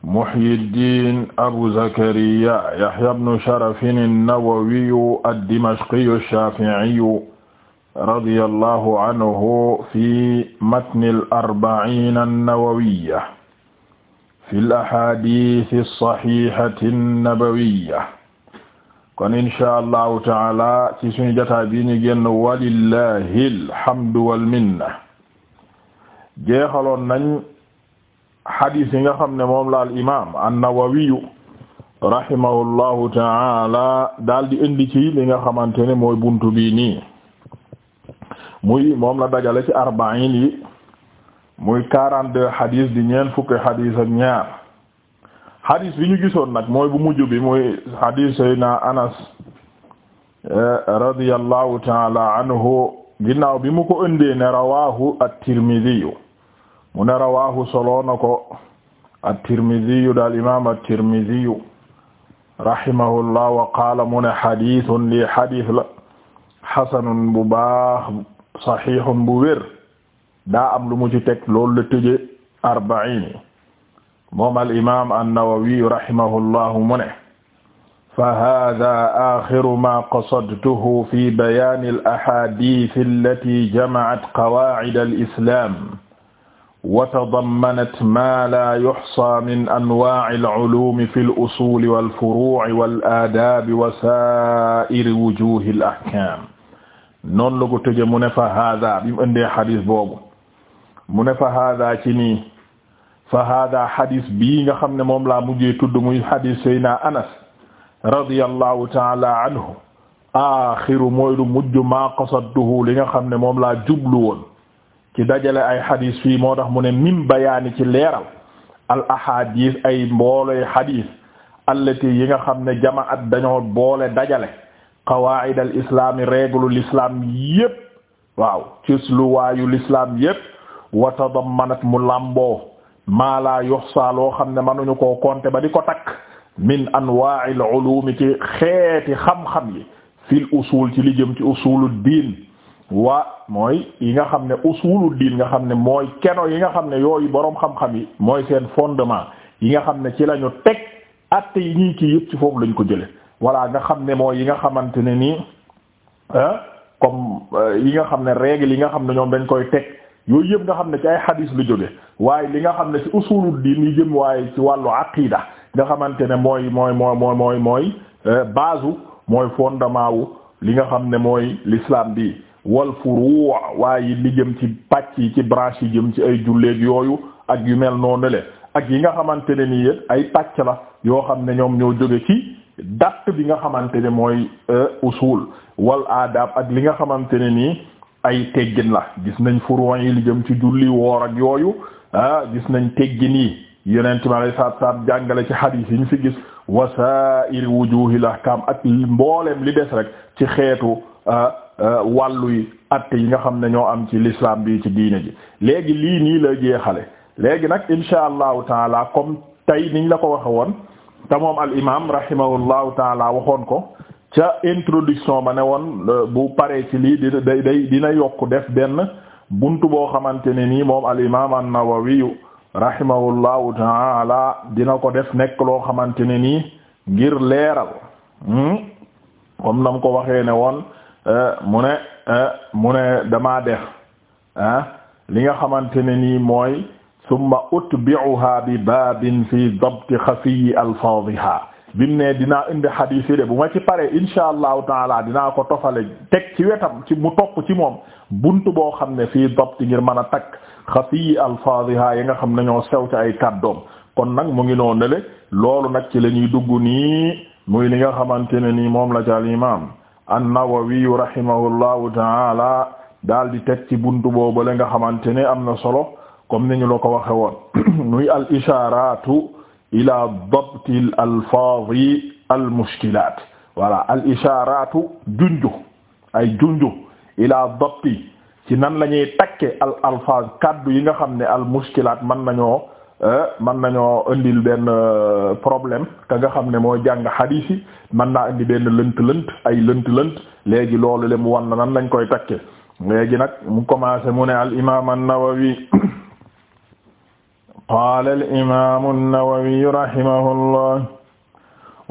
Muhyiddin Abu Zakariya Yahya ibnu Sharafin an-Nawawiyu ad-Dimashqiyu ash-Shafi'iyu radiyallahu anhu fi matni al-arba'iin an-nawawiyya fi al-ahaadiisi as-sahiihati an-nabawiyya kon inshaa Allahu ta'aala ci sunu jotaay bi ñu génn walillaahil hamdu wal minna jeexaloon nañ xadiis yi nga xam ne moom la al imaam an-Nawawiyu rahimahullahu taala daal di indi ci li nga xamante ne mooy buntu bii nii muy moom la dajale ci arbaine yi muy quarante-deux xadiis di ñeent fukki xadiis ak ñaar xadiis bi ñu gisoon nag mooy bu mujj bi muy xadiis Seydina Anas eh, radiyallahu taala anhu ginnaaw bi mu ko indee ne rawahu at-Tirmidhi mu ne rawaahu solo na ko at-Tirmidhi daal imaam at-Tirmidhi rahimahullah wa qaala mu ne xadiisun lii xadiis la xasanun bu baax saxiixun bu wér daa am lu mu ci teg loolu la tëje arba'iin yi moom al imaam an-Nawawi rahimahullah mu ne fa haaza aaxiru maa qasadtuhu fi bayaani al-axaadiis allatii jama'at qawaa'ida al-islaam وتضمنت ما لا يحصى من أنواع العلوم في الأصول والفروع والآداب وسائر وجوه الأحكام noonu la ko tëjee mu ne fa haadaa bi mu ëndee xadis boobu mu ne fa haadaa ci nii fa haadaa xadis bii nga xam ne moom laa mujjee tudd muy xadis Seydina Anas radiyallahu ta'ala anhu aaxiru mooy lu mujj maa qasadtuhu li nga xam ne moom laa jublu woon ci dajale ay xadis fii moo tax mu ne min bayaani ci leeral al ahadis ay mbooloy xadis allati yi nga xam ne jamaat dañoo boole dajale qawaid al islaami règle l'islam yépp waaw cisluwaayu l'islam yépp wa tadammanat mu làmboo maa la yuhsa xam ne mënuñu ko konte ba di ko takk min anwa'il ulum ci xeeti xam-xam yi fil usul ci li jëm ci usulu diin waa mooy yi nga xam ne usulu diin nga xam ne mooy keno yi nga xam ne yooyu boroom xam-xam yi mooy seen fondement yi nga xam ne ci lañu teg àtte yi ñuy kii yëpp ci foofu lañ ko jële walla nga xam ne mooy yi nga xamante ne nii comme yi nga xam ne règle yi nga xam ne ñoom dañ koy teg yooyu yëpp nga xam ne ci ay hadis lu jóge waaye li nga xam ne ci usulu diin yi jëm waaye ci wàllu aqida nga xamante ne mooy mooy mooy mooy mooy mooy base mooy fondement wu li nga xam ne mooy l'islam bi wal furu' waaye li jëm ci pàcc yi ci branche yi jëm ci ay julleek yooyu ak yu mel noonu le ak yi nga xamante ne nii yëpp ay pàcc la yoo xam ne ñoom ñoo jóge ci dàtt bi nga xamante ne mooy euh, usul wal adab ak li nga xamante ne nii ay teggin la gis nañ furu' yi li jëm ci julli woor ak yooyu ah, gis nañ teggin yi yeneen ma lay saab jàngale ci hadith yi ñu fi gis wasaa'ir la ahkam ak mbooleem li des rek ci xeetu euh, Euh, wàllu yi att yi nga xam ne ñoo am ci lislaam bi ci diine ji léegi lii nii la jeexale léegi nag insha allahu taala comme tey niñ la ko waxe woon te moom al imam rahimahullahu taala waxoon ko ca introduction ba ne woon bu paree ci lii di day day dina yokk def benn buntu boo xamante ne nii moom al imam an-Nawawi rahimahullahu taala dina ko def nekk loo xamante ne nii ngir leeral hmm? comme nam ko waxee ne woon Euh, mu ne euh, mu ne damaa def ah li nga xamante ne nii mooy summa utbi'uha bi babin fi dabt xafiyi bi bimu ne dinaa indi xadiis yi de bu ma ci paree insha allahu taala dinaa ko tofale teg ci wetam ci mu topp ci moom bunt boo xam ne fii dabt ngir mën a takk xafiyi alfaadiha yi nga xam ne ñoo sew ci ay kàddoom kon nag mu ngi noonu le loolu nag ci la ñuy dugg nii muy li nga xamante ne nii moom la ci al imam an-Nawawi rahimahullahu taala daal di teg ci buntu boobu la nga xamante ne am na solo comme ni ñu la ko waxe woon nuy al isharatu ila dabtil alfaadi al mushkilaat voilà al isharatu junju ay junju ila dabti ci nan la ñuy takke al alfaaz kaddu yi nga xam ne al mushkilaat mën nañoo Euh, man nañoo indil benn euh, problème ka nga xam ne moo jàng xadiis yi man naa indi benn lënt-lënt ay lënt-lënt léegi loolu le mu wan na nan lañ koy takke léegi nag mu commencé mu ne al imaam an-Nawawi qaala al imaam an-Nawawi rahimahullah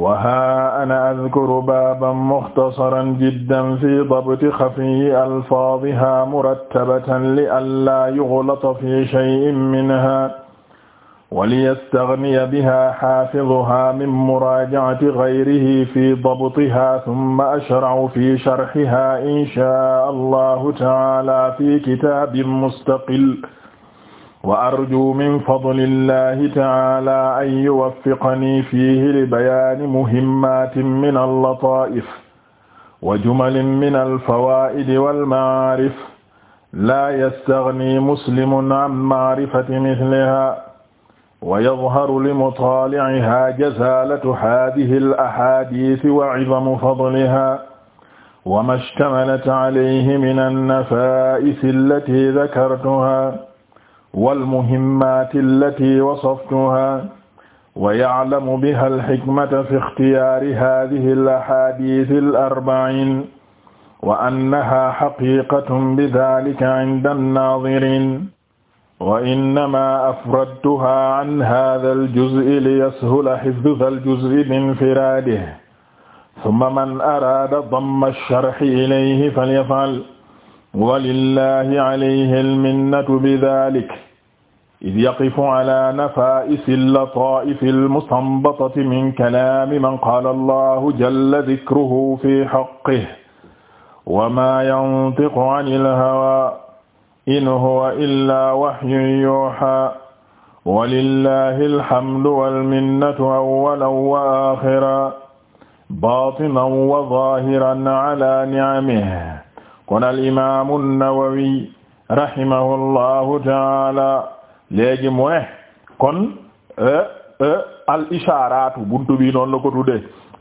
wa haa ana adkuru baaban muxtasaran jiddan fi dabti xafiyi alfaadiha murattabatan li allaa yuglata fi shay'in minha وليستغني بها حافظها من مراجعة غيره في ضبطها ثم أشرع في شرحها إن شاء الله تعالى في كتاب مستقل وأرجو من فضل الله تعالى أن يوفقني فيه لبيان مهمات من اللطائف وجمل من الفوائد والمعارف لا يستغني مسلم عن معرفة مثلها wa yadharu li mutaali'ihaa jazaalatu haadihi al-ahaadiisi wa 'izamu fadlihaa wa maa ishtamalat 'alayhi min an-nafaa'isi allatii dhakartuhaa wal-muhimmaati allatii wasaftuhaa wa ya'lamu bihaa al-hikmata fi ikhtiyaari haadihi al-ahaadiisi al-arba'iin wa annahaa haqiiqatun bidhaalika 'inda an-naadhiriin wa innama afradtuha an hadha aljuz'i liyashula hifdhu aljuz'i binfiraadihi thumma man araada damma alsharhi ilayhi falyaf'al walillahi alayhi alminnatu bidhalik id yaqifu ala nafaa'isi allataa'ifi almustanbatati min kalaami man qaala allahu jalla dhikruhu fi haqqihi wa ma yantiqu anil hawaa in huwa illaa wahyun yuuhaa walillahi alhamdu walminnatu awwalan wa aaxiran baatinan wa zaahiran alaa ni'amihi kon al-imaamu an-Nawawi rahimahullahu ta'aala léegi mu ne kon e, e, al-ishaaraatu buntu bi noonu la ko tudde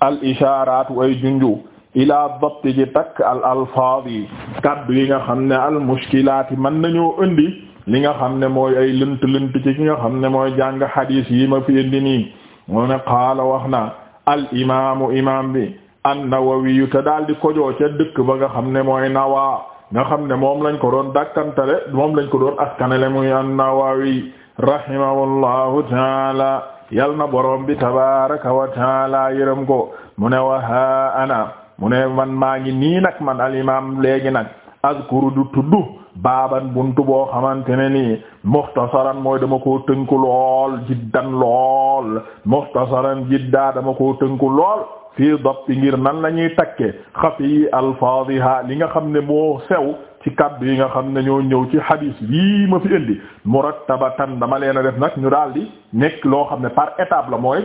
al-ishaaraatu ay junju ila dabti ji takk al yi kaddu yi nga xam ne al mushkilaat yi mën nañoo indi li nga xam ne mooy ay lënt lënt ci ki nga xam ne mooy jàng xadiis yi ma fi indi nii moo ne qaala wax na al imaamu imaam bi an-Nawawi yu te daal di kojoo dëkk ba nga xam ne mooy nawaa nga xam ne moom lañ ko doon dàkkantale moom lañ ko doon askanale muy an-Nawawi rahimahullahu taala yal na borom bi tabaraka wa taala yërëm ko mu wa ha ana mu ne man maa ngi nii nag man al imam léegi nag azkuru du tudd baaban bunt boo xamante ne nii muxtasaran mooy dama koo tënku lool jiddan lool muxtasaran jiddaa dama koo tënku lool fii dabti ngir nan la ñuy takke xafi alfaadiha li nga xam ne moo sew ci kaddu yi nga xam ne ñoo ñëw ci hadis yii ma fi indi murattabatan dama leen a def nag ñu daal di nekk loo xam ne par étable mooy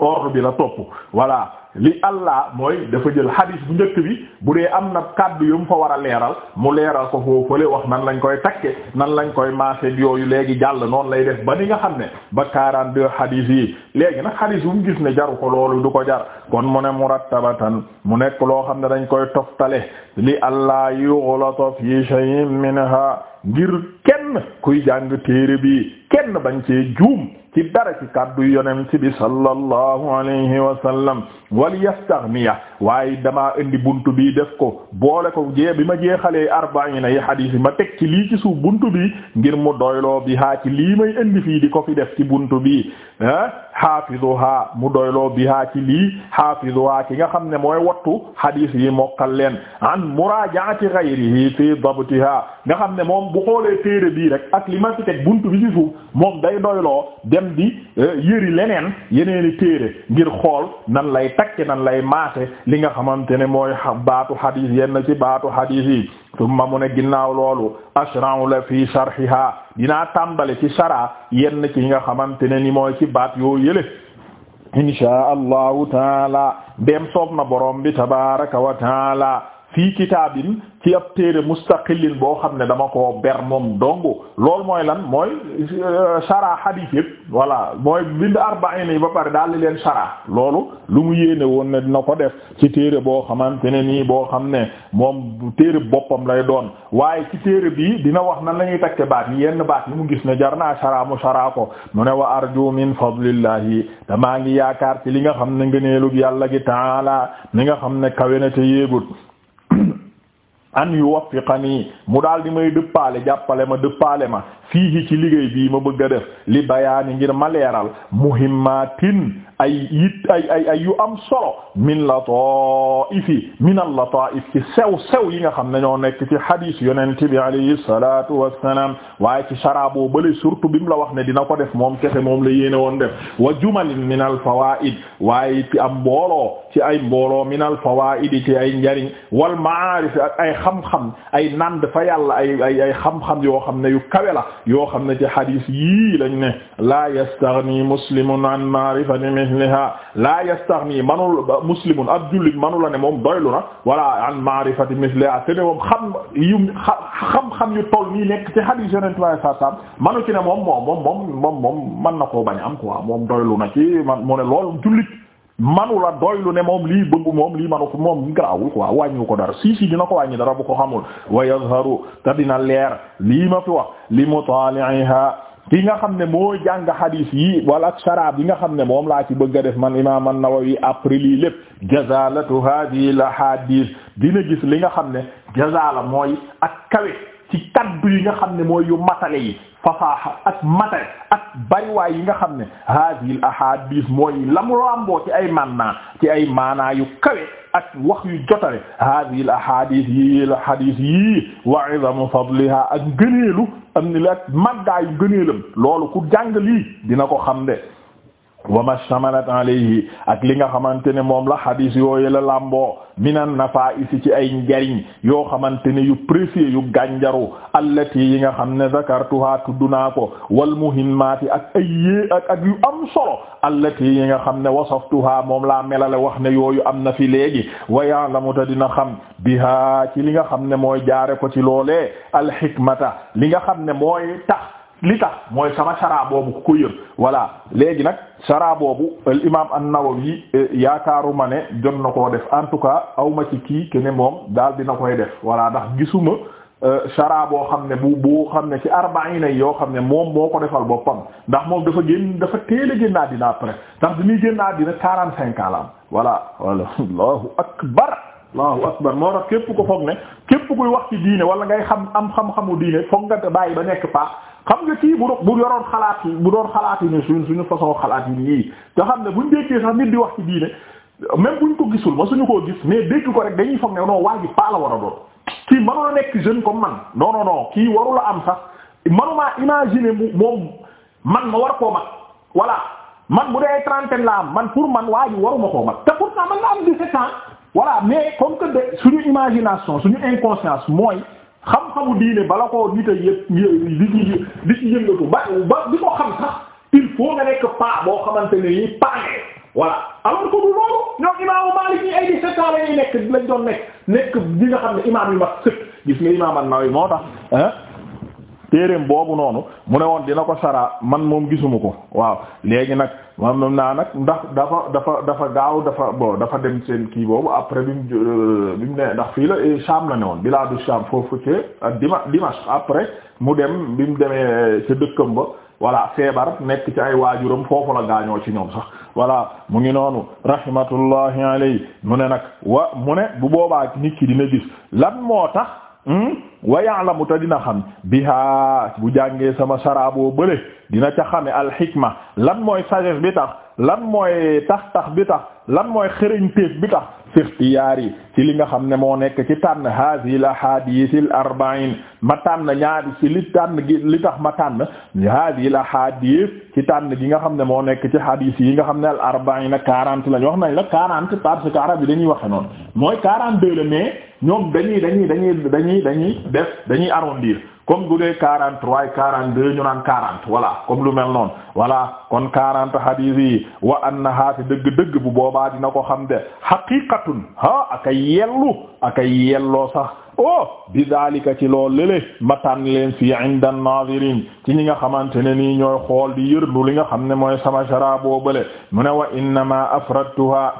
ordre bi la topp voilà li allah mooy dafa jël hadis bu njëkk bi bu dee am na kàddu yu mu fa war a leeral mu leeral ko foofale wax nan lañ koy takke nan lañ koy maase yooyu léegi jàll noonu lay def ba ni nga xam ne ba 42 hadis yi léegi nag hadis bu mu gis ne jaru ko loolu du ko jar kon mu ne murattabatan mu nekk loo xam ne dañ koy toftale li allah yughlata fi shay'in minha ngir kenn kuy jàng téere bi kenn bañ cee juum ci dara ci kàddu yonent bi sallallahu alayhi wa sallam wal yastaghniya waaye damaa indi buntu bi def ko boole ko jee bi ma jeexalee arbaina yi xadiis yi ma teg ci lii ci suuf buntu bi ngir mu doyloo bi haa ci lii may indi fii di ko fi def ci buntu bi ah xaafizuha mu doyloo bi haa ci lii xaafizuha ki nga xam ne mooy wattu xadiis yi mokkal leen an muraajaati ghayrihi fi dabtiha nga xam ne moom bu xoolee téere bii rek ak li ma ci teg bi moom day doyloo dem di euh, yëri leneen yeneeni téere ngir xool nan lay takke nan lay maase li nga xamante ne mooy baatu xadiis yenn ci baatu xadiis yi tumma mu ne ginnaaw loolu ashran la fi sharhiha dinaa tàmbale ci shara yenn ci nga xamante ne ni mooy ci baat yoo yële insha allahu taala dem soob na borom wa taala fii kitaabin ci ab téere mustaqillin boo xam ne dama ko ber moom dong loolu mooy lan mooy euh, shara hadith yëpp voilà mooy bind arba'in yi ba pare daal di leen shara loolu lu mu yéene woon ne dina ko def ci téere boo xamante ne nii boo xam ne moom téere boppam lay doon waaye ci téere bii dina wax nan la ñuy takke baat yi yenn baat yi mu gis ne jar naa shara mu shara ko mu ne wa arju min fadlillahi maa ngi yaakaar ci li nga xam ne ngëneelug yàlla gi taala li nga xam ne kawe na an yuwaffiqani mu daal di may dëppaale jàppale ma dëppaale ma fii ci liggéey bii ma bëgg a def li bayaani ngir ma leeral muhimmatin ay it ay ay yu am solo min lataifi min al lataif ci sew sew yi nga xam ne ñoo nekk ci hadis yonent bi alayhi salatu wassalam waaye ci sharabo bale surtout bi mu la wax ne dina ko def moom kese moom la yéene woon def wa jumalin min al fawaid waaye ci am boolo ci ay mbooloo min al fawaid ci ay njariñ wal maarif ay xam-xam ay nand ay ay ay xam yoo xam ne yu kawe la yoo xam ne ci hadis yii lañ ne la yastaghni muslimun an ma'rifati mithliha la yastaghni manul muslimun ab jullit manu la ne moom doylu na wala an ma'rifati mithliha te ne moom xam xam-xam yu toll nii nekk ci hadis yonent waaye sa sam manu ci ne moom moom moom moom moom moom mën na koo bañ am quoi moom doylu na ci man mu ne jullit manu la doylu ne moom lii bëgg moom lii manu ko moom garaawul quoi wàññiwu ko dara si si dina ko wàññi dara bu ko xamul wa yazharu te dina leer lii ma fi wax li mutali'iha ki nga xam ne moo jàng hadith yi wala sharab yi nga xam ne moom laa ci bëgg a def man imam an-Nawawi après lii lépp jazalatu hadhihi la hadith dina gis li nga xam ne jazala mooy ak kawe ci kaddu yi nga xam ne mooy yu matale yi fasaaxa ak matay ak bariwaay yi nga xam ne hadhihi al ahadith mooy lamu lamboo ci ay maanaa ci ay maanaa yu kawe ak wax yu jotale hadhihi al ahadith yi al hadith yi fadliha ak gëneelu am ni la màggaayu gëneelam loolu ku jàng lii dina ko xam de wa ma shamalat alayhi ak li nga xamante ne moom la hadis yooyu la làmboo minan nafaa'is ci ay njariñ yoo xamante ne yu précieux yu gànjaru allati yi nga xam ne zakartuha tudd naa ko wal muhimmaati ak ay ak yu am solo allati yi nga xam ne wasaftuha moom laa melale wax ne yooyu am na fi léegi wa ya'lamu ta dina xam biha ci li nga xam ne mooy jaare ko ci loole al hikmata li nga xam ne mooy tax li tax mooy sama sara boobu ku ko yër voilà léegi nag sara boobu al imaam an-Nawawi eh, yaakaaruma ne jot na koo def en tout cas awma ci kii ke ne moom daal dina koy def voilà ndax gisuma eh, sara boo xam ne bu boo xam ne ci arbaina yoo xam ne moom moo ko defal boppam ndax moom dafa génn dafa teel a génn àddina après ndax bi muy génn àddina quarante cinq ans la am voilà voilà allahu akbar allahu akbar moo a képp ko foog ne képp koy wax ci diine wala ngay xam am xam-xamu diine foog nga bàyyi ba nekk paax xam nga kii bu doon bu yoroon xalaat yi bu doon xalaat yi ne suñ suñu façon xalaat yi nii nga xam ne buñ déggee sax nit di wax ci diine bu buñ ko gisul ma suñu koo gis mais dégg ko rek dañuy foog ne non waa ji paa la war a doon kii mënula nekk jeune comme man non non non kii warula am sax manuma imaginer mu moom man ma war koo mag voilà man bu dee trentaine la am man pour man waa ji waruma koo te pourtant man voilà mais comme que de suñu imagination suñu inconscience mooy xam-xamu diine bala ko nit a yëpp di ci di ci yëngatu ba ba di ko xam sax il faut nga nekk paa boo xamante ne yi paangee voilà alors que du loolu ñoom imaamu Maalik ñi ay di setaan lañuy nekk lañ doon nekk nekk ñi nga xam ne imaam yu mag sëkk gis nga imaam An-Nawawi moo tax téereem boobu noonu mu ne woon dina ko saraa man moom gisuma ko waaw léegi nag man moom naa nag ndax dafa dafa dafa gaaw dafa bon dafa dem seen kii boobu après bi mu euh, bi mu ne ndax fii la euh, Sham la ne woon bilaadu Sham foofu ci dima Dimash après mu dem bi mu demee ca dëkkam ba voilà feebar nekk ci ay waajuram foofu la gaañoo ci ñoom sax voilà mu ngi noonu rahmatullahi alayhi mu ne nag wa mu ne bu boobaa nit ki dina gis lan moo tax. Hmm? wa ya'lamu te dina xam biha bu jàngee sama saraaboo bële dina ca xame alxikma lan mooy sagesse bi tax lan mooy tax tax bi tax lan mooy xëriñteef bi tax fi ixtiyaari ci li nga xam ne moo nekk ci tànn hadhihi la ahadith al arba'in ma tànn ñaari ci li tànn gi li tax ma tànn hadhihi al ahadith ci tànn gi nga xam ne moo nekk ci hadith yi nga xam ne al arba'in quarante lañ wax nañ la quarante parce que arab yi dañuy waxe noon mooy quarante deux la mais ñoom dañuy dañuy dañuy dañuy dañuy def dañuy arondir comme bu dee quarante trois quarante deux ñu naan quarante wala comme lu mel noon wala kon quarante hadith yi wa annaha dëgg-dëgg bu boobaa dina ko xam de muhlikatun ha aka yellu aka yelloo sax oh bi daalika ci lool lélé ma tànn leen fii inda an-nazirin ci ñi nga xamante ne ni ñooy xool di yërnu li nga xam ne mooy sama shara boobale mu ne wa innama afradtuha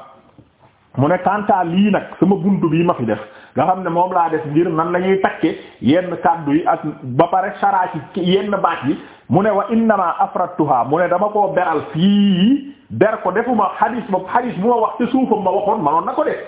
mu ne kanta lii nag sama buntu bii ma fi def nga xam ne moom laa def ngir nan lañuy takke yenn kàddu yi ak ba pare shara ci yenn baat mu ne wa innama afradtuha mu ne dama koo beral fii ber ko defuma xadis ba xadis bu ma wax ci suufam ma waxoon manoon na ko def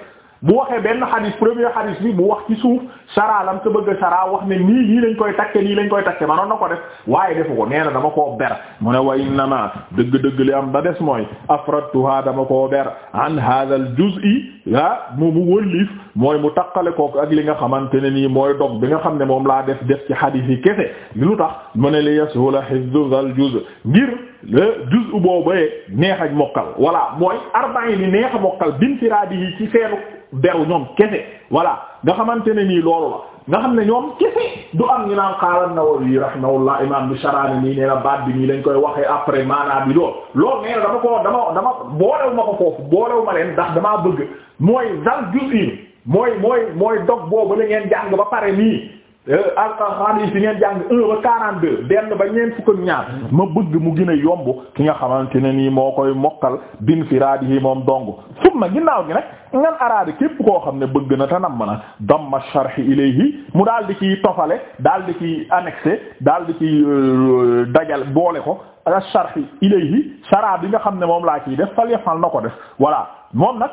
bu waxee benn xadis premier xadis bi bu wax ci suuf saraalam te bëgg a wax ne nii nii lañ koy takke nii lañ koy takke manoon na ko def waaye defu ko nee na dama koo ber mu ne wa innama dëgg-dëgg li am ba des mooy afradtuha dama koo ber an hadha al juz'i ah mu mu wëllif mooy mu takkale ko ak li nga xamante ne nii mooy dog bi nga xam ne moom laa def def ci xadis yi kese lu tax mu ne li yashula hifdhu al juz' ngir le juz'u boobee neex ak mokkal voilà mooy arba'in ni neex a mokkal binfiraadi yi ci seenu deru ñoom kese voilà nga xamante ne nii loolu la nga xam ne ñoom kese du am ñu naan xaaral Nawawi rahimahullah imam bi sharaani nii nee na baat bi nii lañ koy waxee après maanaa bi lool loolu nee na dama ko dama dama boolew ma ko foofu boolew ma leen ndax damaa bëgg mooy dal juz'in mooy mooy mooy dog boobu la ngeen jàng ba pare nii Euh, alxames yi ngeen jàng un ba quarante deux benn ba ñeent fukk ak ñaar ma bëgg mu gën a yomb ki nga xamante ne nii moo koy mokkal bin firaadi yi moom dong summa ginnaaw gi nag ngan araada képp koo xam ne bëgg na te nam na damma sharhi ilayhi mu daal di ciy tofale daal di ciy annexé daal di ciy euh, dajal boole ko ak sharhi ilayhi shara bi nga xam ne moom laa ciy def fal yafal na ko def voilà moom nag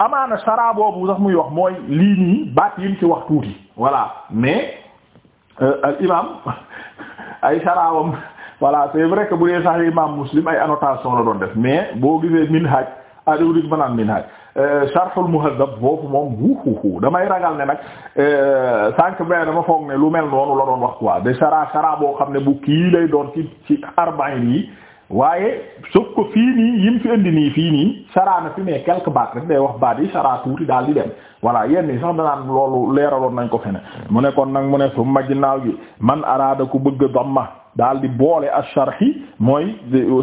amaana shara boobu sax muy wax mooy lii nii baat yi mu ci wax tuuti. voilà mais euh, al imam ay sarawam voilà c'est vrai que bu dee sax imam muslim ay annotation la doon def mais boo gisee minhaj adawdik banaan minhaj euh, sharhul muhazzab boofu moom wuuxuuxu damay ragal ne nag euh, sànq ba dama foog ne lu mel noonu la doon wax waa de shara shara boo xam ne bu kii lay doon ci ci arba'in yi waaye soo ko fii nii yim fi indi nii fii nii saraana fi mais quelque baat rek day wax baat yi saraa tuuti daal di dem voilà yenn sax danaan loolu leeraloon nañ ko fene mu ne kon nag mu ne su majinaaw gi man araada ku bëgg damma daal di boole asharhi mooy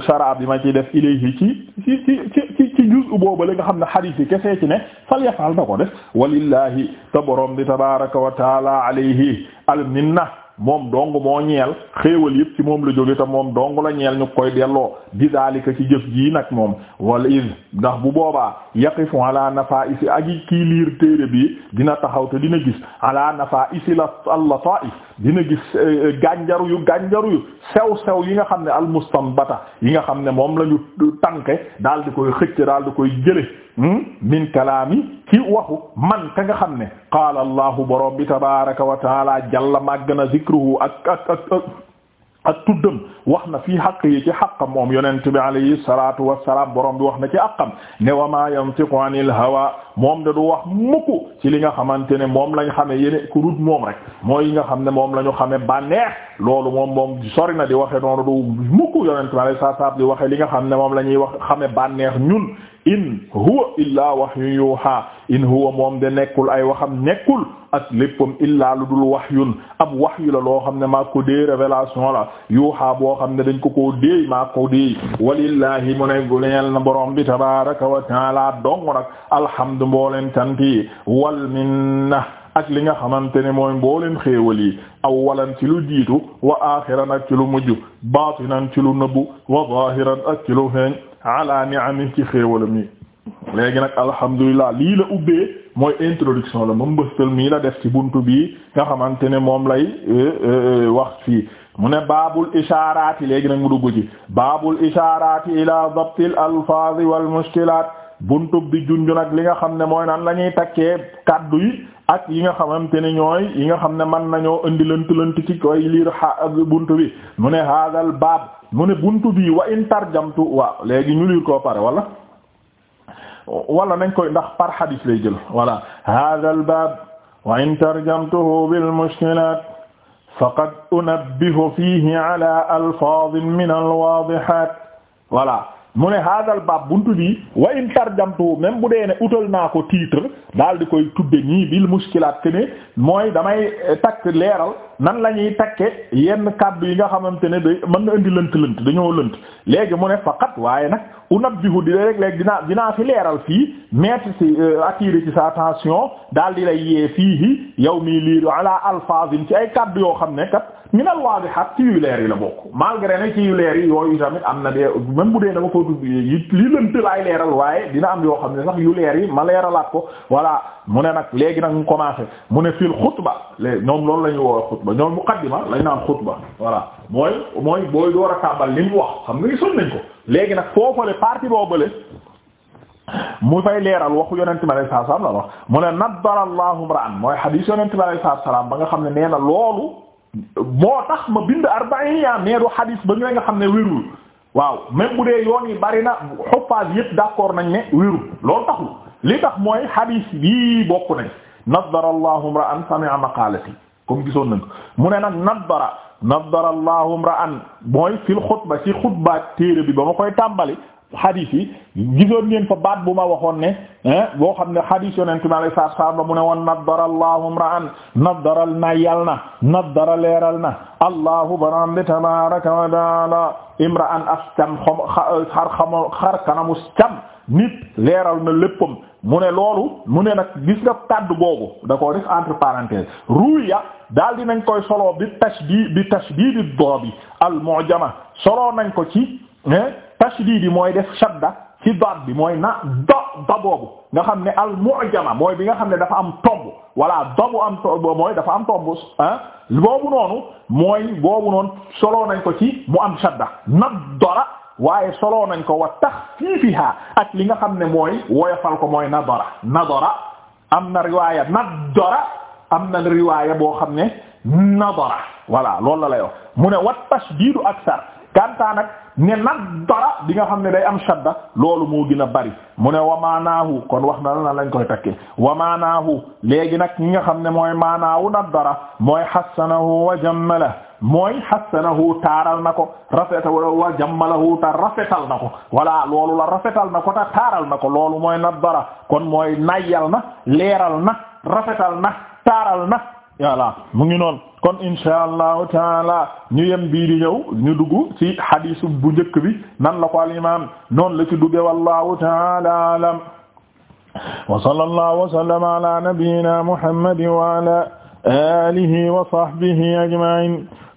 saraa bi ma ci ci ci ci ci juz'u boobale nga xam ne hadith fi kese ci ne fal yafal na ko def walillahi te borom bi tabaraka wa taala alayhi al minna moom dong moo ñeel xéewal yëpp ci moom la jóge moom dong la ñeel ñu koy delloo bi daalika ci jëf jii nag moom wala is ndax bu boobaa yaqifu ala nafa isi ak kii liir téere bi dina taxaw te dina gis ala nafa isi la allataif dina gis eh, gànjaru yu gànjaru yu sew sew yi nga xam ne almustanbata yi nga xam ne moom lañu ñu tànke daal di koy xëcc daal koy jële hmm, min kalaami ci waxu man ka nga xam ne qaala allahu borom bi tabaraka wa taala jalla màgg zikruhu ak ak ak ak tuddam wax na fii xaq yi ci xaqam moom yonent bi alayhi salatu wasalaam borom bi wax na ci ak am wa ma yantiqu anil hawa moom da du wax mukk ci li nga xamante ne moom lañ xame yene ku rut moom rek mooy yi nga xam ne moom la ñu xame bànneex loolu moom moom sori na di waxe noonu du mukk yonent bi alayhi salatu wasalaam di waxe li nga xam ne moom la ñuy wax xame bànneex ñun in huwa illaa wahyun yuha in huwa moom de nekkul ay waxam nekkul ak léppam illaa lu dul wahyun ab wahyu la loo xam ne maa ko dee révélation la yuha boo xam ne dañ ko koo déey maa ko déey walillahi mu ne guleel na borom bi tabaraka wa taala dong nag alhamdu mbooleen tanti wal minna ak li nga xamante ne mooy mbooleen xéewal yi ci lu jiitu wa aaxiran ak ci lu mujj baatinan ci lu nëbbu wa zaahiran ak ci lu feeñ ala ni'ami ci xéewalam yi léegi nag alhamdulilah lii la ubbee mooy introduction la moom mbëstal mii la def ci buntu bi nga xamante ne moom lay euh, euh, wax fii mu ne baabul ishaaraati léegi nag mu dugg ci baabul ishaaraati ila dabtil alfaaz wal mushkilaat buntub bi junju nag li nga xam ne mooy nan lañuy takkee kaddu yi ak yi nga xamante ne ñooy yi nga xam ne man nañoo indi lënt lënt ci koy liir xa buntu bi mu ne haadal baab mu ne buntu bi wa in tarjamtu waaw léegi ñu liir koo pare wala wala nañ koy ndax par hadis lay jël voilà haadal baab wa in tarjamtuhu bil mushkilaat faqad unabbihu fiihi ala alfaadin min alwaadihaat voilà mu ne haadal baab buntu bi wa in tarjamtu même bu dee ne utal naa ko titre daal di koy tudde ñii bil muskilaat ke ne mooy damay takk leeral nan la ñuy takke yenn kàddu yi nga xamante ne da mën na indi lënt lënt dañoo lënt léegi mu ne faqat waaye nag unabbihu di rek léegi dinaa dinaa fi leeral fii mettre ci euh, attirer ci sa attention daal di lay yee fii yow mii liiru ala alphazine ci ay kàddu yoo xam ne kat minal waadihat ci yu leer yi la bokk malgré ne ci yu leer yi yooyu tamit am na de mën bu dee dama ko tudd yi lii lënt laay leeral waaye dina am yoo xam ne sax yu leer yi ma leeralaat ko voilà mu ne nag léegi nag mu commencé mu ne fil xutba ñoom loolu la ñu woo xutba ñoom muqaddima lañ naan xutba voilà mooy mooy booy door a tàmbal li mu wax xam nga gisoon nañ ko léegi nag foofale partie boobale mu fay leeral waxu yonente bi alayhi salaam la wax mu ne naddara Allahu imra'an mooy xadiis yonente bi alayhi salaam ba nga xam ne nee na loolu moo tax ma bind arba'in yaa nee du xadiis ba nga xam ne wérul waaw même bu dee yoon yi bari na xoppaas yëpp d'accord nañ ne wérul loolu taxul li tax mooy xadiis yii bokk nañ naddara Allahu imra'an sami'a maqaalati comme gisoon nañ ko mu ne nag nadbara nadbara allahum ra'an mooy fil xutba ci xutba téere bi boo ma koy tàmbali xadiis yi gisoon ngeen fa baat bu ma waxoon ne boo xam ne xadiis yonent mi alayhi salaatu salaam ba mu ne woon nadara allahum ra'an nadaral na yal na nadara leeral na allahu baram bi tabaaraka wa ta'aala imra'an as xar xar nit leeral na léppam mu ne loolu mu ne nag gis nga kàddu boobu da ko def entre parenthèses ruya daal di nañ koy solo bi tashdiid bi tashdiid ad-daabi al-mu'jama solo nañ ko ci tashdiid yi mooy def shadda ci daat bi mooy na da da boobu nga xam ne al-mu'jama mooy bi nga xam ne dafa am tomb walla dabu am tomb mooy dafa am tomb ah boobu noonu mooy boobu noonu solo nañ ko ci mu am shadda na dora waaye soloo nañ ko wa taxfiifiha ak li nga xam ne mooy woyofal ko mooy nadara nadara am na riwaaya nadara am na riwaaya boo xam ne nadara voilà loolu la lay mu ne wa tashdiidu aksar kanta nag ne nadara bi nga xam ne day am shadda loolu moo gën a bari mu ne wa maanaahu kon wax na la lañ koy takke wa maanaahu léegi nag ñi nga xam ne mooy maanaahu nadara mooy hassanahu wa jammala mooy xassanahu taaral na ko rafeta wa jammalahu ta rafetal na ko walla loolu la rafetal na ko ta taaral na ko loolu mooy nadara kon mooy nayyal na leeral na rafetal na taaral na voilà mu ngi noonu kon insha allahu taala ñu yem bii di ñëw ñu dugg ci hadis bu njëkk bi nan la ko al imam noonu la ci dugge wallahu taala alam wa sallallahu wa sallama ala nabiyyina muhammadin wa ala alihi wa sahbihi ajma'in